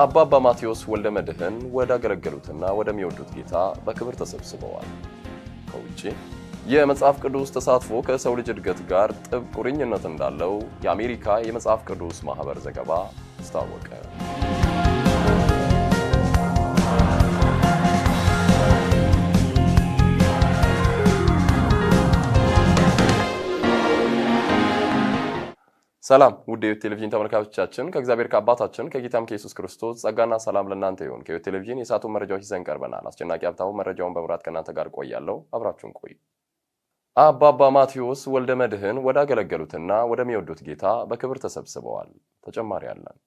አባባ ማቴዎስ ወልደ መድኅን ወዳገለገሉትና ወደሚወዱት ጌታ በክብር ተሰብስበዋል። ከውጭ የመጽሐፍ ቅዱስ ተሳትፎ ከሰው ልጅ እድገት ጋር ጥብቅ ቁርኝነት እንዳለው የአሜሪካ የመጽሐፍ ቅዱስ ማህበር ዘገባ አስታወቀ። ሰላም ውድ የሕይወት ቴሌቪዥን ተመልካቾቻችን ከእግዚአብሔር ከአባታችን ከጌታም ከኢየሱስ ክርስቶስ ጸጋና ሰላም ለእናንተ ይሁን። ከሕይወት ቴሌቪዥን የሰዓቱን መረጃዎች ይዘን ቀርበናል። አስጨናቂ ሀብታሙ መረጃውን በምራት ከእናንተ ጋር ቆያለው አብራችሁን ቆዩ። አባባ ማቴዎስ ወልደ መድህን ወዳገለገሉትና ወደሚወዱት ጌታ በክብር ተሰብስበዋል። ተጨማሪ አለን።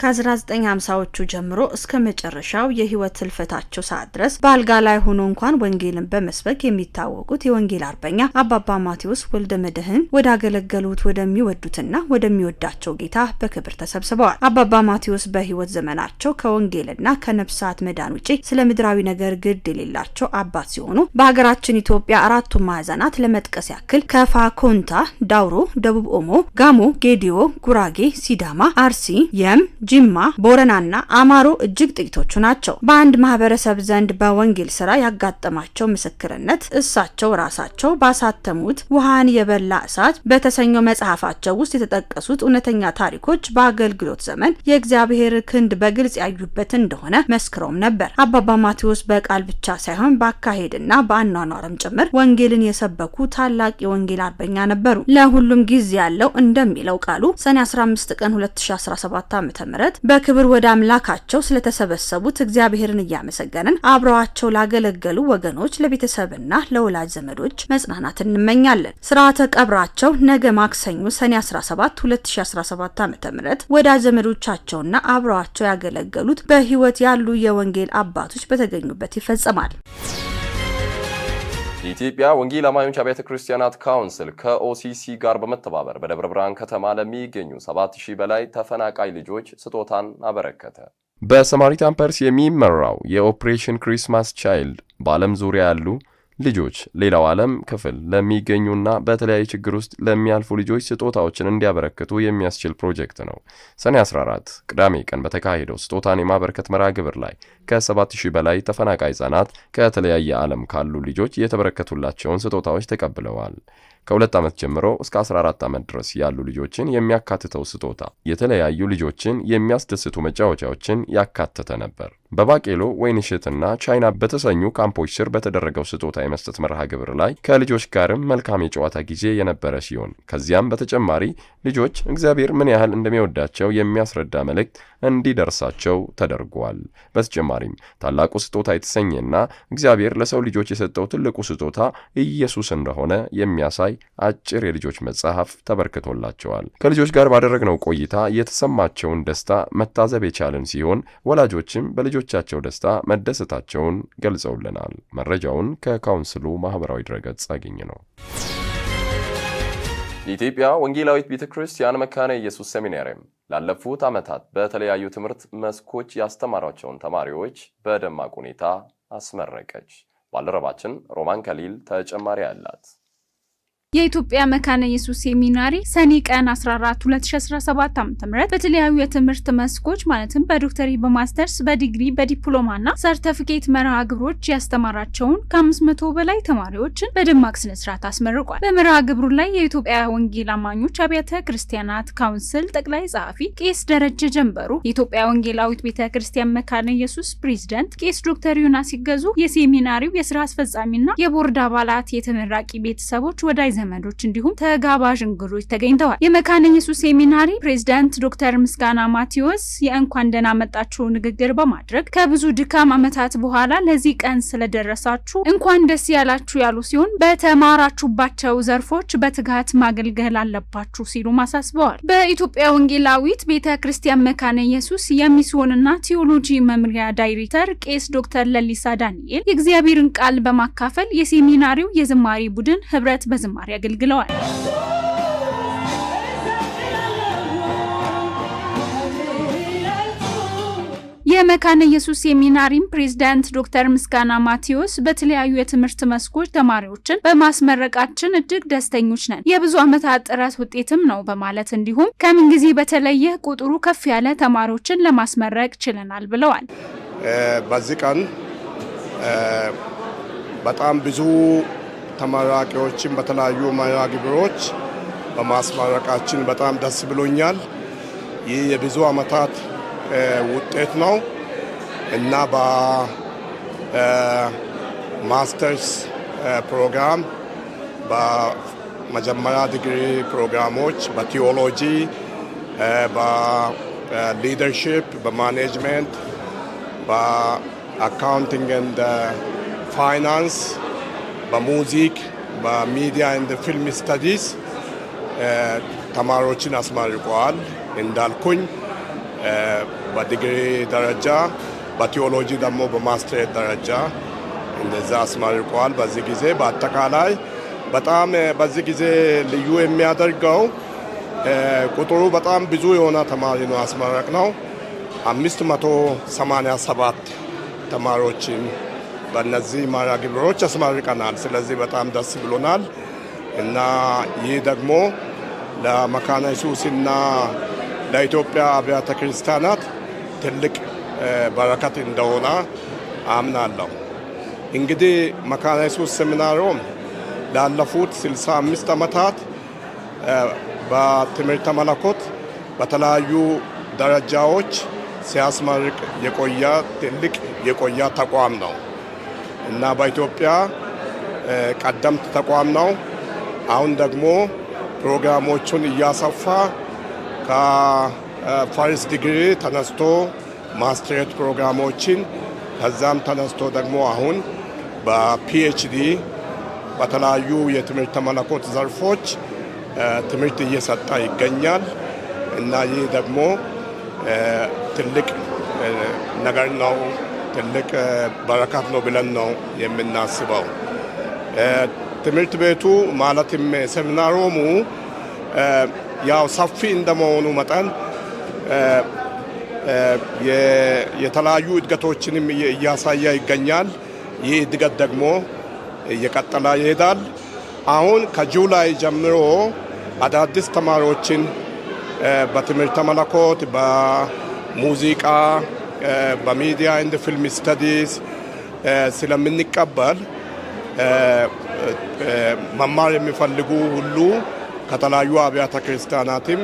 ከ1950ዎቹ ጀምሮ እስከ መጨረሻው የህይወት ህልፈታቸው ሰዓት ድረስ በአልጋ ላይ ሆኖ እንኳን ወንጌልን በመስበክ የሚታወቁት የወንጌል አርበኛ አባባ ማቴዎስ ወልደ መድህን ወዳገለገሉት ወደሚወዱትና ወደሚወዳቸው ጌታ በክብር ተሰብስበዋል። አባባ ማቴዎስ በህይወት ዘመናቸው ከወንጌልና ከነፍሳት መዳን ውጪ ስለ ምድራዊ ነገር ግድ የሌላቸው አባት ሲሆኑ በሀገራችን ኢትዮጵያ አራቱ ማዕዘናት ለመጥቀስ ያክል ከፋ፣ ኮንታ፣ ዳውሮ፣ ደቡብ ኦሞ፣ ጋሞ፣ ጌዲዮ፣ ጉራጌ፣ ሲዳማ፣ አርሲ፣ የም፣ ጂማ፣ ቦረናና አማሮ እጅግ ጥቂቶቹ ናቸው። በአንድ ማህበረሰብ ዘንድ በወንጌል ስራ ያጋጠማቸው ምስክርነት እሳቸው ራሳቸው ባሳተሙት ውሃን የበላ እሳት በተሰኘው መጽሐፋቸው ውስጥ የተጠቀሱት እውነተኛ ታሪኮች በአገልግሎት ዘመን የእግዚአብሔር ክንድ በግልጽ ያዩበት እንደሆነ መስክረውም ነበር። አባባ ማቴዎስ በቃል ብቻ ሳይሆን በአካሄድና በአኗኗርም ጭምር ወንጌልን የሰበኩ ታላቅ የወንጌል አርበኛ ነበሩ። ለሁሉም ጊዜ ያለው እንደሚለው ቃሉ ሰኔ 15 ቀን 2017 ም በክብር ወደ አምላካቸው ስለተሰበሰቡት እግዚአብሔርን እያመሰገንን አብረዋቸው ላገለገሉ ወገኖች ለቤተሰብና ለወላጅ ዘመዶች መጽናናት እንመኛለን። ስርዓተ ቀብራቸው ነገ ማክሰኞ ሰኔ 17 2017 ዓ ም ወዳጅ ዘመዶቻቸውና አብረዋቸው ያገለገሉት በህይወት ያሉ የወንጌል አባቶች በተገኙበት ይፈጸማል። የኢትዮጵያ ወንጌል አማኞች አብያተ ክርስቲያናት ካውንስል ከኦሲሲ ጋር በመተባበር በደብረ ብርሃን ከተማ ለሚገኙ 7000 በላይ ተፈናቃይ ልጆች ስጦታን አበረከተ። በሰማሪታን ፐርስ የሚመራው የኦፕሬሽን ክሪስማስ ቻይልድ በዓለም ዙሪያ ያሉ ልጆች ሌላው ዓለም ክፍል ለሚገኙና በተለያዩ ችግር ውስጥ ለሚያልፉ ልጆች ስጦታዎችን እንዲያበረክቱ የሚያስችል ፕሮጀክት ነው። ሰኔ 14 ቅዳሜ ቀን በተካሄደው ስጦታን የማበረከት መርሃ ግብር ላይ ከ7000 በላይ ተፈናቃይ ህጻናት ከተለያየ ዓለም ካሉ ልጆች የተበረከቱላቸውን ስጦታዎች ተቀብለዋል። ከሁለት ዓመት ጀምሮ እስከ 14 ዓመት ድረስ ያሉ ልጆችን የሚያካትተው ስጦታ የተለያዩ ልጆችን የሚያስደስቱ መጫወቻዎችን ያካተተ ነበር። በባቄሎ ወይንሽትና ቻይና በተሰኙ ካምፖች ስር በተደረገው ስጦታ የመስጠት መርሃ ግብር ላይ ከልጆች ጋርም መልካም የጨዋታ ጊዜ የነበረ ሲሆን ከዚያም በተጨማሪ ልጆች እግዚአብሔር ምን ያህል እንደሚወዳቸው የሚያስረዳ መልእክት እንዲደርሳቸው ተደርጓል። በተጨማሪም ታላቁ ስጦታ የተሰኘና እግዚአብሔር ለሰው ልጆች የሰጠው ትልቁ ስጦታ ኢየሱስ እንደሆነ የሚያሳይ አጭር የልጆች መጽሐፍ ተበርክቶላቸዋል። ከልጆች ጋር ባደረግነው ቆይታ የተሰማቸውን ደስታ መታዘብ የቻልን ሲሆን ወላጆችም በልጆቻቸው ደስታ መደሰታቸውን ገልጸውልናል። መረጃውን ከካውንስሉ ማህበራዊ ድረገጽ አገኘ ነው። የኢትዮጵያ ወንጌላዊት ቤተ ክርስቲያን መካነ ኢየሱስ ሴሚናሪም ላለፉት ዓመታት በተለያዩ ትምህርት መስኮች ያስተማሯቸውን ተማሪዎች በደማቅ ሁኔታ አስመረቀች። ባልደረባችን ሮማን ከሊል ተጨማሪ አላት። የኢትዮጵያ መካነ ኢየሱስ ሴሚናሪ ሰኔ ቀን 14 2017 ዓ.ም በተለያዩ የትምህርት መስኮች ማለትም በዶክተሪ፣ በማስተርስ፣ በዲግሪ፣ በዲፕሎማና ሰርተፊኬት መርሃ ግብሮች ያስተማራቸውን ከ500 በላይ ተማሪዎችን በደማቅ ስነስርዓት አስመርቋል። በመርሃ ግብሩ ላይ የኢትዮጵያ ወንጌል አማኞች አብያተ ክርስቲያናት ካውንስል ጠቅላይ ጸሐፊ ቄስ ደረጀ ጀንበሩ፣ የኢትዮጵያ ወንጌላዊት ቤተ ክርስቲያን መካነ ኢየሱስ ፕሬዝዳንት ቄስ ዶክተር ዮና ሲገዙ፣ የሴሚናሪው የስራ አስፈጻሚና የቦርድ አባላት፣ የተመራቂ ቤተሰቦች፣ ወዳይ ዘመድ ዘመዶች እንዲሁም ተጋባዥ እንግዶች ተገኝተዋል። የመካነ ኢየሱስ ሴሚናሪ ፕሬዚዳንት ዶክተር ምስጋና ማቴዎስ የእንኳን ደህና መጣችሁ ንግግር በማድረግ ከብዙ ድካም ዓመታት በኋላ ለዚህ ቀን ስለደረሳችሁ እንኳን ደስ ያላችሁ ያሉ ሲሆን በተማራችሁባቸው ዘርፎች በትጋት ማገልገል አለባችሁ ሲሉ አሳስበዋል። በኢትዮጵያ ወንጌላዊት ቤተ ክርስቲያን መካነ ኢየሱስ የሚስዮንና ቴዎሎጂ መምሪያ ዳይሬክተር ቄስ ዶክተር ለሊሳ ዳንኤል የእግዚአብሔርን ቃል በማካፈል የሴሚናሪው የዝማሬ ቡድን ህብረት በዝማሬ ለማስተማር ያገልግለዋል። የመካነ ኢየሱስ ሴሚናሪም ፕሬዝዳንት ዶክተር ምስጋና ማቴዎስ በተለያዩ የትምህርት መስኮች ተማሪዎችን በማስመረቃችን እጅግ ደስተኞች ነን፣ የብዙ ዓመታት ጥረት ውጤትም ነው በማለት እንዲሁም ከምን ጊዜ በተለየ ቁጥሩ ከፍ ያለ ተማሪዎችን ለማስመረቅ ችለናል ብለዋል። በዚህ ቀን በጣም ብዙ ተመራቂዎችን በተለያዩ መርሃ ግብሮች በማስመረቃችን በጣም ደስ ብሎኛል። ይህ የብዙ ዓመታት ውጤት ነው እና በማስተርስ ፕሮግራም በመጀመሪያ ዲግሪ ፕሮግራሞች በቲዎሎጂ፣ በሊደርሺፕ፣ በማኔጅመንት፣ በአካውንቲንግ ኤንድ ፋይናንስ በሙዚክ በሚዲያ እንደ ፊልም ስተዲስ ተማሪዎችን አስመርቀዋል። እንዳልኩኝ በዲግሪ ደረጃ በቴዎሎጂ ደግሞ በማስትሬት ደረጃ እንደዛ አስመርቀዋል። በዚህ ጊዜ በአጠቃላይ በጣም በዚህ ጊዜ ልዩ የሚያደርገው ቁጥሩ በጣም ብዙ የሆነ ተማሪ ነው። አስመረቅ ነው 587 ተማሪዎችን በእነዚህ መርሃ ግብሮች አስመርቀናል። ስለዚህ በጣም ደስ ብሎናል እና ይህ ደግሞ ለመካነ ኢየሱስና ለኢትዮጵያ አብያተ ክርስቲያናት ትልቅ በረከት እንደሆነ አምናለሁ። እንግዲህ መካነ ኢየሱስ ሴሚናሪም ላለፉት 65 ዓመታት በትምህርተ መለኮት በተለያዩ ደረጃዎች ሲያስመርቅ የቆየ ትልቅ የቆየ ተቋም ነው። እና በኢትዮጵያ ቀደምት ተቋም ነው። አሁን ደግሞ ፕሮግራሞቹን እያሰፋ ከፈርስት ዲግሪ ተነስቶ ማስትሬት ፕሮግራሞችን ከዛም ተነስቶ ደግሞ አሁን በፒኤችዲ በተለያዩ የትምህርት ተመለኮት ዘርፎች ትምህርት እየሰጠ ይገኛል እና ይህ ደግሞ ትልቅ ነገር ነው። ትልቅ በረከት ነው ብለን ነው የምናስበው። ትምህርት ቤቱ ማለትም ሴሚናሮሙ ያው ሰፊ እንደመሆኑ መጠን የተለያዩ እድገቶችንም እያሳየ ይገኛል። ይህ እድገት ደግሞ እየቀጠለ ይሄዳል። አሁን ከጁላይ ጀምሮ አዳዲስ ተማሪዎችን በትምህርተ መለኮት፣ በሙዚቃ Uh, በሚዲያ እንደ ፊልም ስታዲስ ስለምንቀበል uh, uh, መማር የሚፈልጉ ሁሉ ከተለያዩ አብያተ ክርስቲያናትም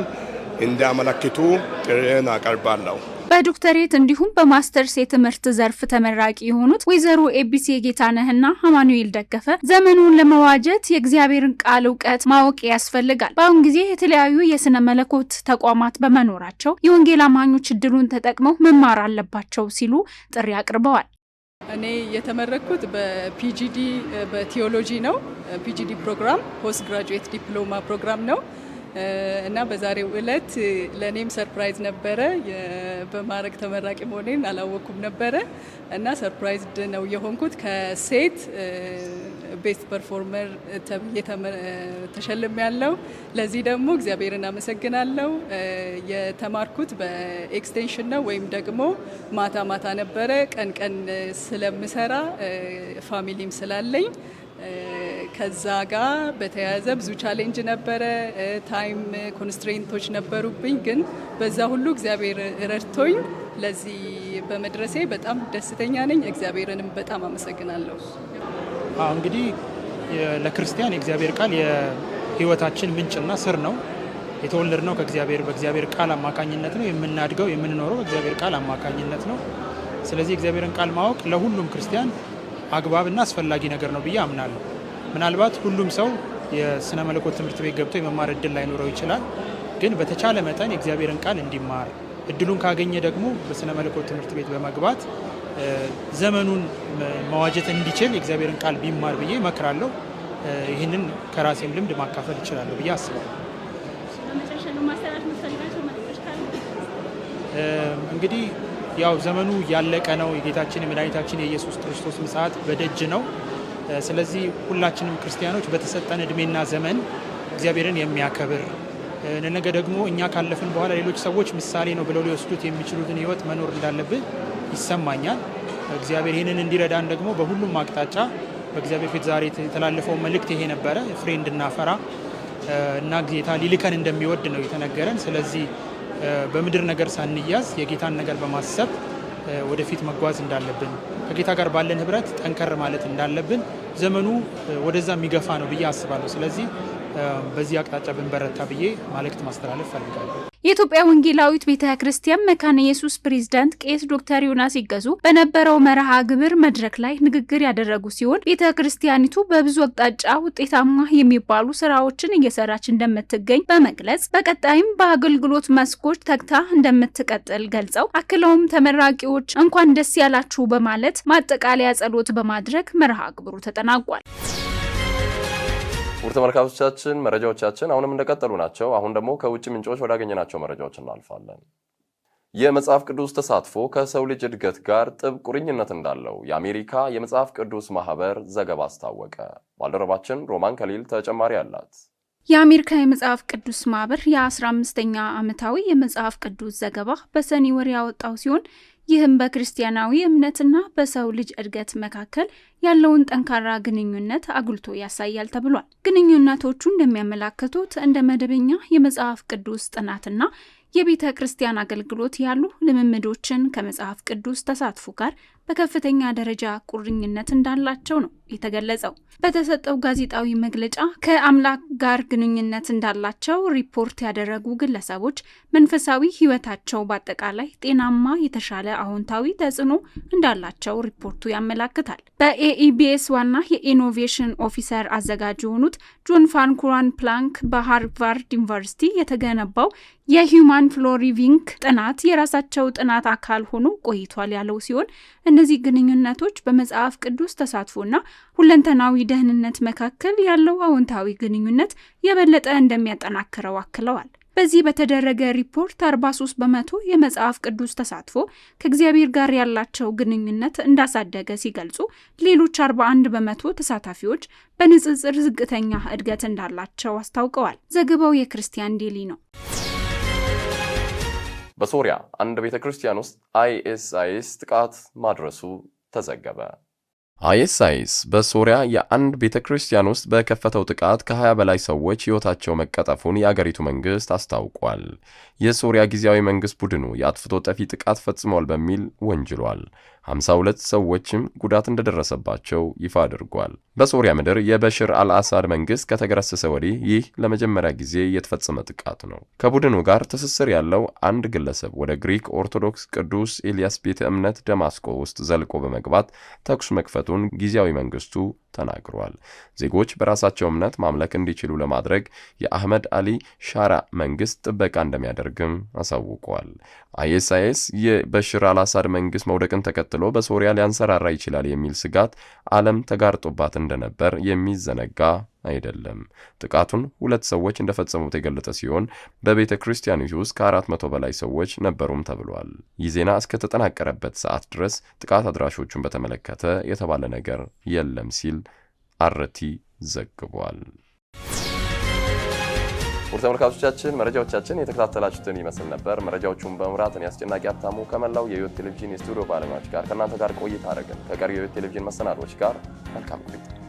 እንዲያመለክቱ ጥሬን አቀርባለሁ። በዶክተሬት እንዲሁም በማስተርስ የትምህርት ዘርፍ ተመራቂ የሆኑት ወይዘሮ ኤቢሲ ጌታነህና አማኑኤል ደገፈ ዘመኑን ለመዋጀት የእግዚአብሔርን ቃል እውቀት ማወቅ ያስፈልጋል። በአሁን ጊዜ የተለያዩ የስነ መለኮት ተቋማት በመኖራቸው የወንጌል አማኞች እድሉን ተጠቅመው መማር አለባቸው ሲሉ ጥሪ አቅርበዋል። እኔ የተመረኩት በፒጂዲ በቲዮሎጂ ነው። ፒጂዲ ፕሮግራም ፖስት ግራጁዌት ዲፕሎማ ፕሮግራም ነው። እና በዛሬው እለት ለእኔም ሰርፕራይዝ ነበረ። በማዕረግ ተመራቂ መሆኔን አላወቅኩም ነበረ እና ሰርፕራይዝ ነው የሆንኩት ከሴት ቤስት ፐርፎርመር ተሸልም ያለው። ለዚህ ደግሞ እግዚአብሔርን አመሰግናለሁ። የተማርኩት በኤክስቴንሽን ነው ወይም ደግሞ ማታ ማታ ነበረ። ቀን ቀን ስለምሰራ ፋሚሊም ስላለኝ ከዛ ጋር በተያያዘ ብዙ ቻሌንጅ ነበረ። ታይም ኮንስትሬንቶች ነበሩብኝ፣ ግን በዛ ሁሉ እግዚአብሔር ረድቶኝ ለዚህ በመድረሴ በጣም ደስተኛ ነኝ። እግዚአብሔርንም በጣም አመሰግናለሁ። እንግዲህ ለክርስቲያን የእግዚአብሔር ቃል የህይወታችን ምንጭና ስር ነው። የተወለድነው ከእግዚአብሔር በእግዚአብሔር ቃል አማካኝነት ነው። የምናድገው የምንኖረው በእግዚአብሔር ቃል አማካኝነት ነው። ስለዚህ እግዚአብሔርን ቃል ማወቅ ለሁሉም ክርስቲያን አግባብና አስፈላጊ ነገር ነው ብዬ አምናለሁ። ምናልባት ሁሉም ሰው የስነ መለኮት ትምህርት ቤት ገብቶ የመማር እድል ላይኖረው ይችላል። ግን በተቻለ መጠን የእግዚአብሔርን ቃል እንዲማር እድሉን ካገኘ ደግሞ በስነ መለኮት ትምህርት ቤት በመግባት ዘመኑን መዋጀት እንዲችል የእግዚአብሔርን ቃል ቢማር ብዬ እመክራለሁ። ይህንን ከራሴም ልምድ ማካፈል እችላለሁ ብዬ አስባለሁ። እንግዲህ ያው ዘመኑ ያለቀ ነው። የጌታችን የመድኃኒታችን የኢየሱስ ክርስቶስ ምጽአት በደጅ ነው። ስለዚህ ሁላችንም ክርስቲያኖች በተሰጠን እድሜና ዘመን እግዚአብሔርን የሚያከብር ነገ ደግሞ እኛ ካለፍን በኋላ ሌሎች ሰዎች ምሳሌ ነው ብለው ሊወስዱት የሚችሉትን ህይወት መኖር እንዳለብን ይሰማኛል። እግዚአብሔር ይህንን እንዲረዳን ደግሞ በሁሉም አቅጣጫ በእግዚአብሔር ፊት ዛሬ የተላለፈው መልእክት ይሄ ነበረ፣ ፍሬ እንድናፈራ እና ጌታ ሊልከን እንደሚወድ ነው የተነገረን። ስለዚህ በምድር ነገር ሳንያዝ የጌታን ነገር በማሰብ ወደፊት መጓዝ እንዳለብን ከጌታ ጋር ባለን ህብረት ጠንከር ማለት እንዳለብን ዘመኑ ወደዛ የሚገፋ ነው ብዬ አስባለሁ። ስለዚህ በዚህ አቅጣጫ ብንበረታ ብዬ መልእክት ማስተላለፍ ፈልጋለሁ። የኢትዮጵያ ወንጌላዊት ቤተ ክርስቲያን መካነ ኢየሱስ ፕሬዝዳንት ቄስ ዶክተር ዮናስ ይገዙ በነበረው መርሃ ግብር መድረክ ላይ ንግግር ያደረጉ ሲሆን ቤተ ክርስቲያኒቱ በብዙ አቅጣጫ ውጤታማ የሚባሉ ስራዎችን እየሰራች እንደምትገኝ በመግለጽ በቀጣይም በአገልግሎት መስኮች ተግታ እንደምትቀጥል ገልጸው አክለውም ተመራቂዎች እንኳን ደስ ያላችሁ በማለት ማጠቃለያ ጸሎት በማድረግ መርሃ ግብሩ ተጠናቋል። ውድ ተመልካቾቻችን መረጃዎቻችን አሁንም እንደቀጠሉ ናቸው። አሁን ደግሞ ከውጭ ምንጮች ወዳገኘናቸው መረጃዎች እናልፋለን። የመጽሐፍ ቅዱስ ተሳትፎ ከሰው ልጅ እድገት ጋር ጥብቅ ቁርኝነት እንዳለው የአሜሪካ የመጽሐፍ ቅዱስ ማህበር ዘገባ አስታወቀ። ባልደረባችን ሮማን ከሊል ተጨማሪ አላት። የአሜሪካ የመጽሐፍ ቅዱስ ማህበር የ15ኛ ዓመታዊ የመጽሐፍ ቅዱስ ዘገባ በሰኔ ወር ያወጣው ሲሆን ይህም በክርስቲያናዊ እምነትና በሰው ልጅ እድገት መካከል ያለውን ጠንካራ ግንኙነት አጉልቶ ያሳያል ተብሏል። ግንኙነቶቹ እንደሚያመላክቱት እንደ መደበኛ የመጽሐፍ ቅዱስ ጥናትና የቤተ ክርስቲያን አገልግሎት ያሉ ልምምዶችን ከመጽሐፍ ቅዱስ ተሳትፎ ጋር በከፍተኛ ደረጃ ቁርኝነት እንዳላቸው ነው የተገለጸው። በተሰጠው ጋዜጣዊ መግለጫ ከአምላክ ጋር ግንኙነት እንዳላቸው ሪፖርት ያደረጉ ግለሰቦች መንፈሳዊ ሕይወታቸው በአጠቃላይ ጤናማ፣ የተሻለ አዎንታዊ ተጽዕኖ እንዳላቸው ሪፖርቱ ያመላክታል። በኤኢቢኤስ ዋና የኢኖቬሽን ኦፊሰር አዘጋጅ የሆኑት ጆን ፋንኩራን ፕላንክ በሃርቫርድ ዩኒቨርሲቲ የተገነባው የሂውማን ፍሎሪቪንክ ጥናት የራሳቸው ጥናት አካል ሆኖ ቆይቷል ያለው ሲሆን እነዚህ ግንኙነቶች በመጽሐፍ ቅዱስ ተሳትፎና ሁለንተናዊ ደህንነት መካከል ያለው አዎንታዊ ግንኙነት የበለጠ እንደሚያጠናክረው አክለዋል። በዚህ በተደረገ ሪፖርት 43 በመቶ የመጽሐፍ ቅዱስ ተሳትፎ ከእግዚአብሔር ጋር ያላቸው ግንኙነት እንዳሳደገ ሲገልጹ፣ ሌሎች 41 በመቶ ተሳታፊዎች በንጽጽር ዝቅተኛ እድገት እንዳላቸው አስታውቀዋል። ዘገባው የክርስቲያን ዴሊ ነው። በሶሪያ አንድ ቤተ ክርስቲያን ውስጥ አይኤስአይኤስ ጥቃት ማድረሱ ተዘገበ። አይኤስአይኤስ በሶሪያ የአንድ ቤተ ክርስቲያን ውስጥ በከፈተው ጥቃት ከ20 በላይ ሰዎች ሕይወታቸው መቀጠፉን የአገሪቱ መንግሥት አስታውቋል። የሶሪያ ጊዜያዊ መንግሥት ቡድኑ የአጥፍቶ ጠፊ ጥቃት ፈጽሟል በሚል ወንጅሏል። 52 ሰዎችም ጉዳት እንደደረሰባቸው ይፋ አድርጓል። በሶሪያ ምድር የበሽር አልአሳድ መንግሥት ከተገረሰሰ ወዲህ ይህ ለመጀመሪያ ጊዜ የተፈጸመ ጥቃት ነው። ከቡድኑ ጋር ትስስር ያለው አንድ ግለሰብ ወደ ግሪክ ኦርቶዶክስ ቅዱስ ኤልያስ ቤተ እምነት ደማስቆ ውስጥ ዘልቆ በመግባት ተኩስ መክፈቱ መቀመጡን ጊዜያዊ መንግስቱ ተናግሯል። ዜጎች በራሳቸው እምነት ማምለክ እንዲችሉ ለማድረግ የአህመድ አሊ ሻራ መንግስት ጥበቃ እንደሚያደርግም አሳውቋል። አይኤስአይኤስ የበሽር አልአሳድ መንግስት መውደቅን ተከትሎ በሶሪያ ሊያንሰራራ ይችላል የሚል ስጋት ዓለም ተጋርጦባት እንደነበር የሚዘነጋ አይደለም። ጥቃቱን ሁለት ሰዎች እንደፈጸሙት የገለጠ ሲሆን በቤተ ክርስቲያኒቱ ውስጥ ከአራት መቶ በላይ ሰዎች ነበሩም ተብሏል። ይህ ዜና እስከተጠናቀረበት ሰዓት ድረስ ጥቃት አድራሾቹን በተመለከተ የተባለ ነገር የለም ሲል አረቲ ዘግቧል። ውድ ተመልካቾቻችን መረጃዎቻችን የተከታተላችሁትን ይመስል ነበር። መረጃዎቹን በመምራት እኔ አስጨናቂ ሀብታሙ ከመላው የህይወት ቴሌቪዥን የስቱዲዮ ባለሙያዎች ጋር ከእናንተ ጋር ቆይታ አደረግን። ከቀሪ የህይወት ቴሌቪዥን መሰናዶዎች ጋር መልካም ቆይታ